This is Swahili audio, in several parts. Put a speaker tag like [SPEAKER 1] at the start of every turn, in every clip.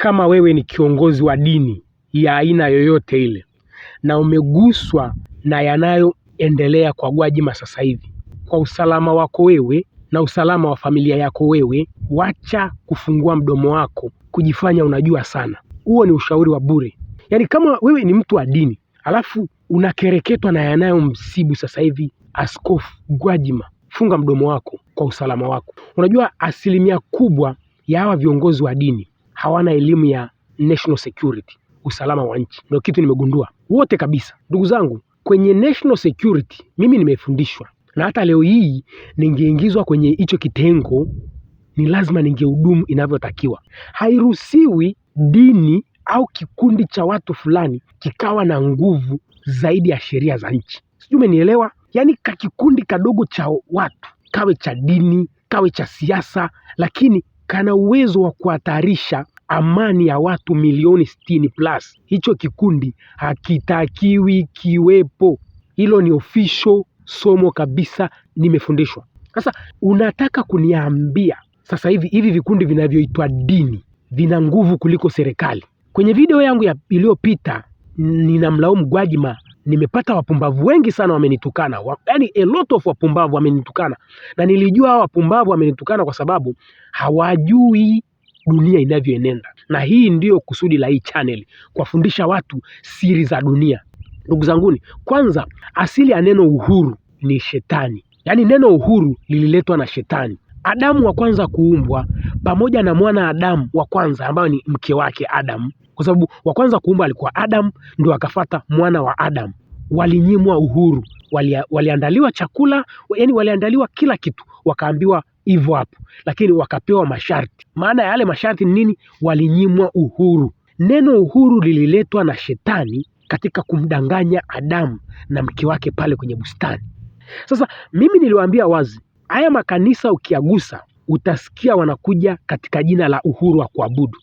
[SPEAKER 1] kama wewe ni kiongozi wa dini ya aina yoyote ile na umeguswa na yanayoendelea kwa Gwajima sasa hivi, kwa usalama wako wewe na usalama wa familia yako wewe, wacha kufungua mdomo wako kujifanya unajua sana. Huo ni ushauri wa bure. Yaani kama wewe ni mtu wa dini alafu unakereketwa na yanayomsibu sasa hivi Askofu Gwajima, funga mdomo wako kwa usalama wako. Unajua asilimia kubwa ya hawa viongozi wa dini hawana elimu ya national security, usalama wa nchi. Ndio kitu nimegundua wote kabisa, ndugu zangu, kwenye national security mimi nimefundishwa, na hata leo hii ningeingizwa kwenye hicho kitengo, ni lazima ningehudumu inavyotakiwa. Hairuhusiwi dini au kikundi cha watu fulani kikawa na nguvu zaidi ya sheria za nchi. Sijui umenielewa? Yaani kakikundi kadogo cha watu kawe cha dini kawe cha siasa, lakini kana uwezo wa kuhatarisha amani ya watu milioni sitini plus. Hicho kikundi hakitakiwi kiwepo. Hilo ni official somo kabisa nimefundishwa. Sasa unataka kuniambia sasa hivi hivi vikundi vinavyoitwa dini vina nguvu kuliko serikali? Kwenye video yangu ya iliyopita ninamlaumu Gwajima nimepata wapumbavu wengi sana wamenitukana wa, yani a lot of wapumbavu wamenitukana, na nilijua hawa wapumbavu wamenitukana kwa sababu hawajui dunia inavyoenenda, na hii ndiyo kusudi la hii channel, kuwafundisha watu siri za dunia. Ndugu zanguni, kwanza asili ya neno uhuru ni shetani, yaani neno uhuru lililetwa na shetani. Adamu wa kwanza kuumbwa pamoja na mwana Adamu wa kwanza ambayo ni mke wake Adamu kwa sababu wa kwanza kuumba alikuwa Adam, ndio akafata mwana wa Adam. Walinyimwa uhuru, wali, waliandaliwa chakula, yani waliandaliwa kila kitu, wakaambiwa hivyo hapo, lakini wakapewa masharti. Maana ya yale masharti ni nini? Walinyimwa uhuru. Neno uhuru lililetwa na shetani katika kumdanganya Adamu na mke wake pale kwenye bustani. Sasa mimi niliwaambia wazi, haya makanisa ukiagusa utasikia wanakuja katika jina la uhuru wa kuabudu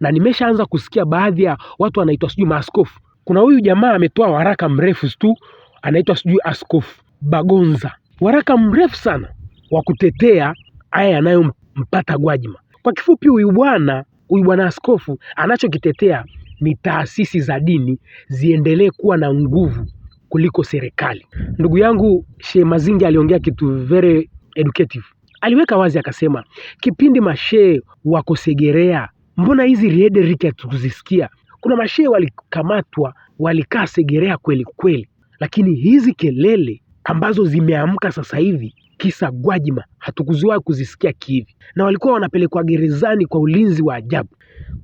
[SPEAKER 1] na nimeshaanza kusikia baadhi ya watu wanaitwa sijui maaskofu. Kuna huyu jamaa ametoa waraka mrefu tu anaitwa sijui Askofu Bagonza, waraka mrefu sana wa kutetea haya yanayompata Gwajima. Kwa kifupi, huyu bwana huyu bwana askofu anachokitetea ni taasisi za dini ziendelee kuwa na nguvu kuliko serikali. Ndugu yangu Shehe Mazingi aliongea kitu very educative, aliweka wazi akasema, kipindi mashehe wakosegerea mbona hizi Riederich hatukuzisikia? Kuna mashehe walikamatwa, walikaa Segerea kweli kweli, lakini hizi kelele ambazo zimeamka sasa hivi kisa Gwajima hatukuziwahi kuzisikia kihivi, na walikuwa wanapelekwa gerezani kwa ulinzi wa ajabu.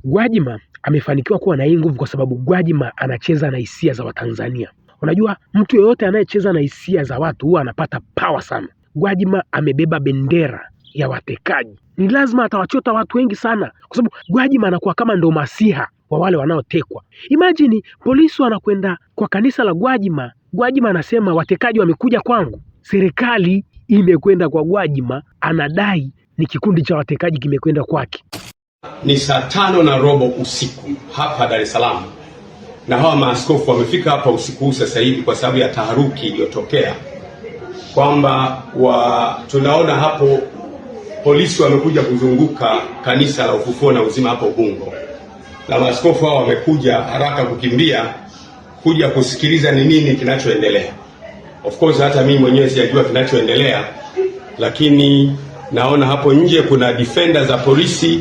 [SPEAKER 1] Gwajima amefanikiwa kuwa na hii nguvu kwa sababu Gwajima anacheza na hisia za Watanzania. Unajua, mtu yeyote anayecheza na hisia za watu huwa anapata pawa sana. Gwajima amebeba bendera ya watekaji. Ni lazima atawachota watu wengi sana, kwa sababu Gwajima anakuwa kama ndo masiha wa wale wanaotekwa. Imagine polisi wanakwenda kwa kanisa la Gwajima, Gwajima anasema watekaji wamekuja kwangu. Serikali imekwenda kwa Gwajima, anadai ni kikundi cha watekaji kimekwenda kwake.
[SPEAKER 2] Ni saa tano na robo usiku hapa Dar es Salaam, na hawa maaskofu wamefika hapa usiku huu sasa hivi kwa sababu ya taharuki iliyotokea, kwamba wa tunaona hapo polisi wamekuja kuzunguka kanisa la Ufufuo na Uzima hapo Ubungo, na maaskofu hao wamekuja haraka kukimbia kuja kusikiliza ni nini kinachoendelea. Of course hata mimi mwenyewe sijajua kinachoendelea, lakini naona hapo nje kuna defender za polisi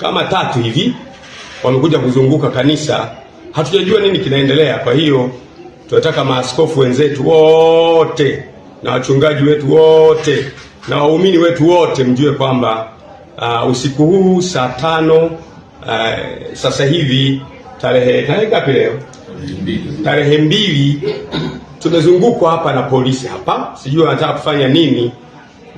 [SPEAKER 2] kama tatu hivi wamekuja kuzunguka kanisa. Hatujajua nini kinaendelea. Kwa hiyo tunataka maaskofu wenzetu wote na wachungaji wetu wote na waumini wetu wote mjue kwamba uh, usiku huu saa tano uh, sasa hivi tarehe tarehe ngapi leo? Tarehe mbili, tumezungukwa hapa na polisi hapa, sijui wanataka kufanya nini,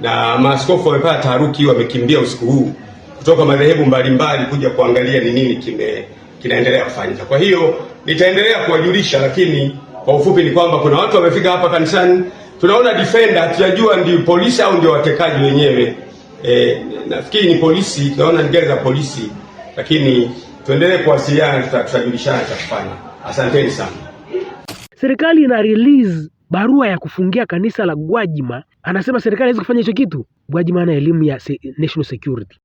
[SPEAKER 2] na maaskofu wamepata taharuki, wamekimbia usiku huu kutoka madhehebu mbalimbali kuja kuangalia ni nini kime kinaendelea kufanyika. Kwa hiyo nitaendelea kuwajulisha, lakini kwa ufupi ni kwamba kuna watu wamefika hapa kanisani tunaona defender hatujajua ndio polisi au ndio watekaji wenyewe. E, nafikiri ni polisi, tunaona ni gari za polisi, lakini tuendelee kuwasiliana, tutajulishana cha kufanya. Asanteni sana.
[SPEAKER 1] Serikali ina release barua ya kufungia kanisa la Gwajima, anasema serikali haiwezi kufanya hicho kitu. Gwajima ana elimu ya se, national security.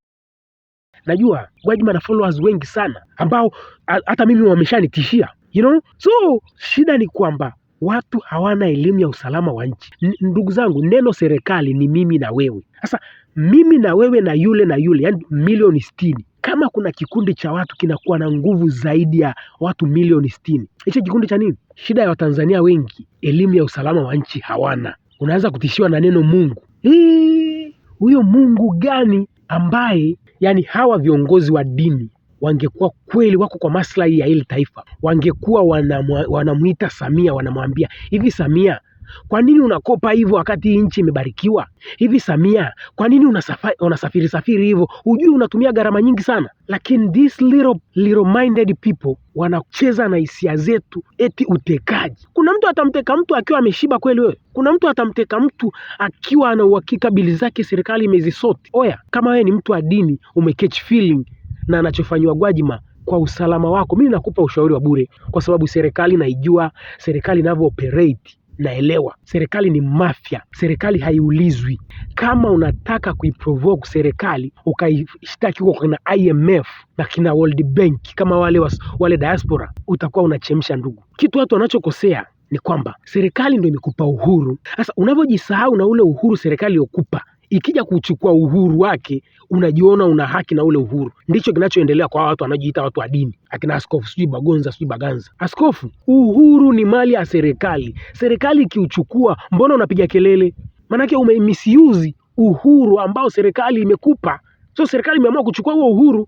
[SPEAKER 1] Najua Gwajima na followers wengi sana ambao hata mimi wameshanitishia you know? So shida ni kwamba watu hawana elimu ya usalama wa nchi. Ndugu zangu, neno serikali ni mimi na wewe. Sasa mimi na wewe na yule na yule, yani milioni sitini. Kama kuna kikundi cha watu kinakuwa na nguvu zaidi ya watu milioni sitini, hicho kikundi cha nini? Shida ya Watanzania wengi, elimu ya usalama wa nchi hawana. Unaanza kutishiwa na neno Mungu. Hii, huyo Mungu gani ambaye, yani hawa viongozi wa dini wangekuwa kweli wako kwa maslahi ya hili taifa, wangekuwa wanamwita Samia, wanamwambia hivi, Samia kwa nini unakopa hivyo wakati hii nchi imebarikiwa? Hivi Samia, kwa nini unasafari, unasafiri safiri hivyo? Hujui unatumia gharama nyingi sana. Lakini this little, little minded people wanacheza na hisia zetu, eti utekaji. Kuna mtu atamteka mtu akiwa ameshiba kweli wewe? Kuna mtu atamteka mtu akiwa ana uhakika bili zake serikali imezisoti? Oya, kama wewe ni mtu wa dini, umecatch feeling na anachofanyiwa Gwajima kwa usalama wako, mimi nakupa ushauri wa bure, kwa sababu serikali naijua, serikali inavyo operate naelewa. Serikali ni mafia, serikali haiulizwi. Kama unataka kuiprovoke serikali ukaishtaki huko kina IMF na kina World Bank kama wale, was, wale diaspora, utakuwa unachemsha ndugu. Kitu watu wanachokosea ni kwamba serikali ndio imekupa uhuru. Sasa unavyojisahau na ule uhuru serikali iliyokupa ikija kuchukua uhuru wake, unajiona una haki na ule uhuru. Ndicho kinachoendelea kwa watu wanaojiita watu wa dini, akina askofu sijui Bagonza sijui Baganza. Askofu, uhuru ni mali ya serikali. Serikali ikiuchukua, mbona unapiga kelele? Maanake umemisiuzi uhuru ambao serikali imekupa. So serikali imeamua kuchukua huo uhuru.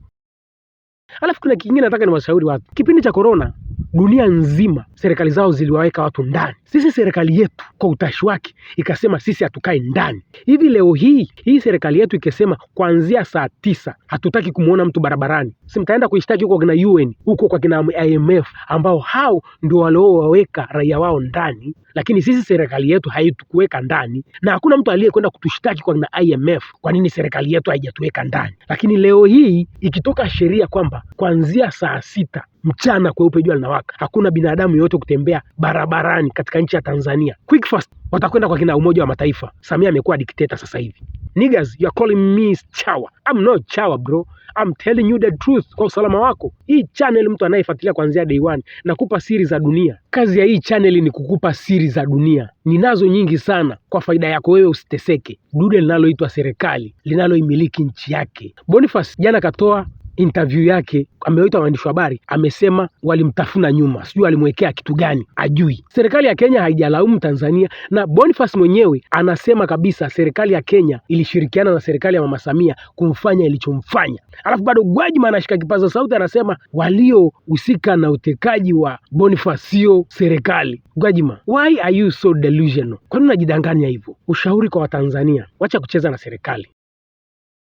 [SPEAKER 1] Alafu kuna kingine nataka niwashauri watu, kipindi cha korona Dunia nzima serikali zao ziliwaweka watu ndani. Sisi serikali yetu kwa utashi wake ikasema sisi hatukae ndani. Hivi leo hii hii serikali yetu ikasema kuanzia saa tisa hatutaki kumwona mtu barabarani, si mtaenda kuishtaki huko kina UN, huko kwa kina IMF, ambao hao ndio waliowaweka raia wao ndani lakini sisi serikali yetu haitukuweka ndani, na hakuna mtu aliyekwenda kutushtaki kwa IMF kwa nini serikali yetu haijatuweka ndani. Lakini leo hii ikitoka sheria kwamba kuanzia saa sita mchana kweupe jua linawaka, hakuna binadamu yoyote kutembea barabarani katika nchi ya Tanzania quick fast watakwenda kwa kina Umoja wa Mataifa. Samia amekuwa dikteta sasa hivi. Niggas, you are calling me chawa. I'm not chawa bro. I'm telling you the truth kwa usalama wako. Hii channel mtu anayefuatilia kuanzia day one, nakupa siri za dunia. Kazi ya hii channel ni kukupa siri za dunia, ninazo nyingi sana kwa faida yako wewe, usiteseke. Dude linaloitwa serikali linaloimiliki nchi yake. Boniface jana katoa interview yake ameoita waandishi wa habari, amesema walimtafuna nyuma, sijui alimwekea kitu gani, ajui. Serikali ya Kenya haijalaumu Tanzania, na Boniface mwenyewe anasema kabisa serikali ya Kenya ilishirikiana na serikali ya Mama Samia kumfanya ilichomfanya. Alafu bado Gwajima anashika kipaza sauti, anasema waliohusika na utekaji wa Boniface sio serikali. Gwajima, why are you so delusional? Kwani unajidanganya hivyo? Ushauri kwa Watanzania, wacha kucheza na serikali.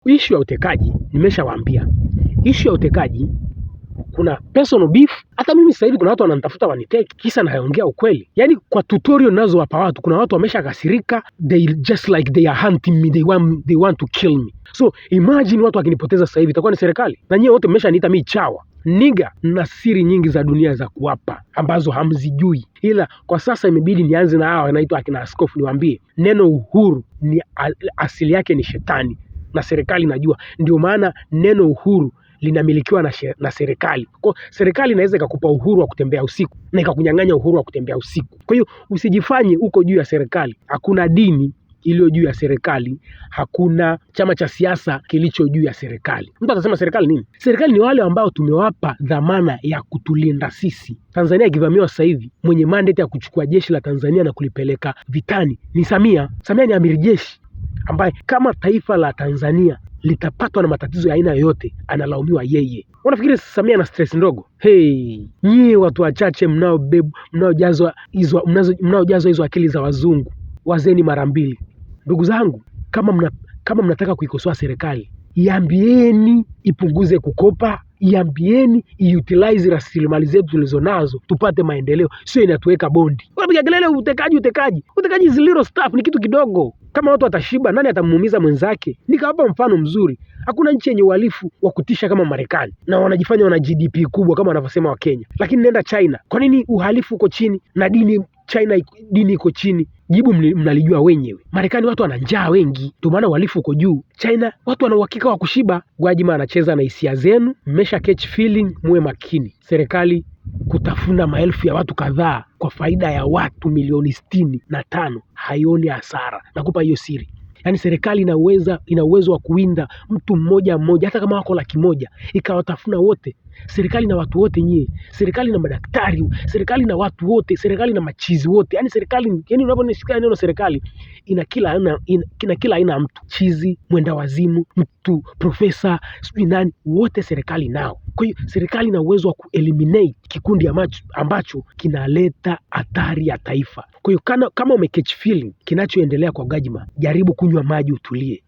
[SPEAKER 1] Ishu ya utekaji nimeshawaambia ishu ya utekaji, kuna personal beef. Hata mimi sasa hivi kuna watu wananitafuta waniteke kisa naongea ukweli, yani kwa tutorial ninazowapa watu, kuna watu kasirika, they just like they are hunting me, they want, they want to kill me. So imagine watu wakinipoteza sasa hivi itakuwa ni serikali, na nyewe wote niita mimi chawa niga na siri nyingi za dunia za kuwapa ambazo hamzijui, ila kwa sasa imebidi nianze na hawa wanaitwa akina askofu, niwaambie neno uhuru ni asili yake ni shetani na serikali najua, ndio maana neno uhuru linamilikiwa na, na serikali. Kwa serikali inaweza ikakupa uhuru wa kutembea usiku na ikakunyang'anya uhuru wa kutembea usiku. Kwa hiyo usijifanye uko juu ya serikali. Hakuna dini iliyo juu ya serikali, hakuna chama cha siasa kilicho juu ya serikali. Mtu atasema serikali nini? Serikali ni wale ambao tumewapa dhamana ya kutulinda sisi. Tanzania ikivamiwa sasa hivi, mwenye mandate ya kuchukua jeshi la Tanzania na kulipeleka vitani ni Samia. Samia ni amiri jeshi ambaye kama taifa la Tanzania litapatwa na matatizo ya aina yoyote analaumiwa yeye. Unafikiri Samia na stress ndogo? Hey, nyie watu wachache mnaojazwa hizo mnaojazwa hizo akili za wazungu, wazeni mara mbili. Ndugu zangu, kama mna, kama mnataka kuikosoa serikali iambieni ipunguze kukopa, iambieni iutilize rasilimali zetu tulizonazo tupate maendeleo, sio inatuweka bondi. Unapiga kelele utekaji, utekaji, utekaji is little stuff, ni kitu kidogo. Kama watu watashiba, nani atamuumiza mwenzake? Nikawapa mfano mzuri, hakuna nchi yenye uhalifu wa kutisha kama Marekani na wanajifanya wana GDP kubwa kama wanavyosema Wakenya, lakini nenda China. Kwa nini uhalifu uko chini na dini China dini iko chini? Jibu mnalijua wenyewe. Marekani watu wana njaa wengi, ndio maana uhalifu uko juu. China watu wana uhakika wa kushiba. Gwajima anacheza na hisia zenu, mmesha catch feeling, muwe makini. Serikali kutafuna maelfu ya watu kadhaa kwa faida ya watu milioni sitini na tano haioni hasara. Nakupa hiyo siri. Yaani serikali inaweza ina uwezo wa kuwinda mtu mmoja mmoja, hata kama wako laki moja, ikawatafuna wote serikali na watu wote nyie, serikali na madaktari, serikali na watu wote, serikali na machizi wote. Yani serikali, yani unaponisikia neno serikali, ina kila aina, ina kila aina ya mtu, chizi, mwenda wazimu, mtu profesa, sijui nani, wote serikali nao. Kwa hiyo serikali ina uwezo wa kueliminate kikundi ambacho, ambacho kinaleta hatari ya taifa. Kwa hiyo kama, kama umecatch feeling kinachoendelea kwa Gajima, jaribu kunywa maji, utulie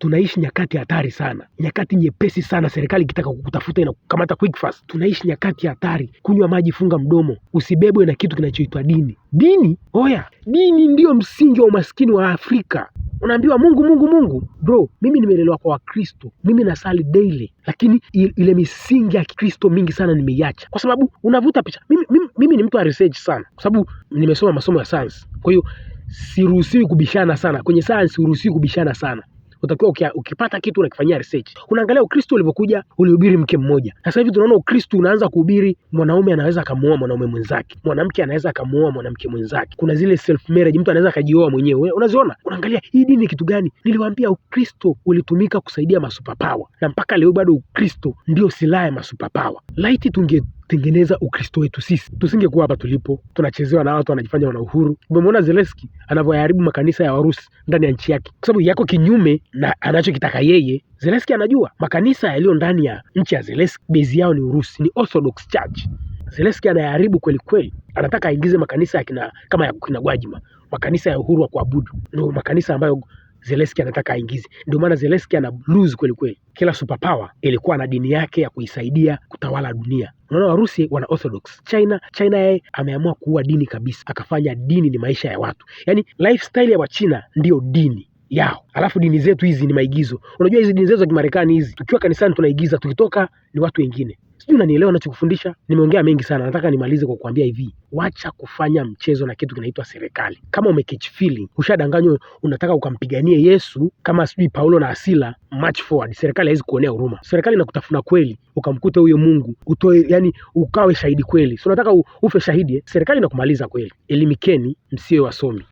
[SPEAKER 1] tunaishi nyakati hatari sana, nyakati nyepesi sana. Serikali ikitaka kukutafuta inakukamata quick fast. Tunaishi nyakati hatari. Kunywa maji, funga mdomo, usibebwe na kitu kinachoitwa dini. Dini oya, dini ndiyo msingi wa umaskini wa Afrika. Unaambiwa Mungu, Mungu, Mungu. Bro, mimi nimelelewa kwa Wakristo, mimi nasali daily, lakini ile misingi ya Kikristo mingi sana nimeiacha, kwa sababu unavuta picha. Mimi, mimi, mimi ni mtu wa research sana, kwa sababu nimesoma masomo ya science, kwa hiyo siruhusiwi kubishana sana kwenye science, siruhusiwi kubishana sana utakiwa ukipata kitu unakifanyia research. Unaangalia Ukristo ulivyokuja, ulihubiri mke mmoja. Sasa hivi tunaona Ukristo unaanza kuhubiri, mwanaume anaweza akamuoa mwanaume mwenzake, mwanamke anaweza akamuoa mwanamke mwenzake. Kuna zile self marriage, mtu anaweza akajioa mwenyewe. Unaziona, unaangalia hii dini kitu gani? Niliwaambia Ukristo ulitumika kusaidia masuperpower, na mpaka leo bado Ukristo ndio silaha ya masuperpower. Laiti tunge kutengeneza Ukristo wetu sisi. Tusingekuwa hapa tulipo, tunachezewa na watu wanajifanya wana uhuru. Umemwona zelenski anavyoharibu makanisa ya Warusi ndani ya nchi yake, kwa sababu yako kinyume na anachokitaka yeye. zelenski anajua makanisa yaliyo ndani ya nchi ya zelenski bezi yao ni Urusi, ni Orthodox Church. zelenski anayaharibu kweli kweli, anataka aingize makanisa ya kina, kama ya kina Gwajima, makanisa ya uhuru wa kuabudu, ndio makanisa ambayo Zelensky anataka aingize. Ndio maana Zelensky ana blues kweli kweli. Kila superpower ilikuwa na dini yake ya kuisaidia kutawala dunia. Unaona, Warusi wana orthodox. China China yeye ameamua kuua dini kabisa, akafanya dini ni maisha ya watu, yaani lifestyle ya Wachina ndiyo dini yao. Alafu dini zetu hizi ni maigizo. Unajua hizi dini zetu za Kimarekani hizi, tukiwa kanisani tunaigiza, tukitoka ni watu wengine. Sijui unanielewa nachokufundisha? Nimeongea mengi sana, nataka nimalize kwa kukwambia hivi, wacha kufanya mchezo na kitu kinaitwa serikali. Kama feeling, ushadanganywa, unataka ukampiganie Yesu kama sijui Paulo na Asila, march forward. Serikali haiwezi kuonea huruma, serikali inakutafuna kweli, ukamkuta huyo Mungu utoe, yani ukawe shahidi kweli. so unataka ufe shahidi eh? Serikali inakumaliza kweli. Elimikeni, msiwe wasomi.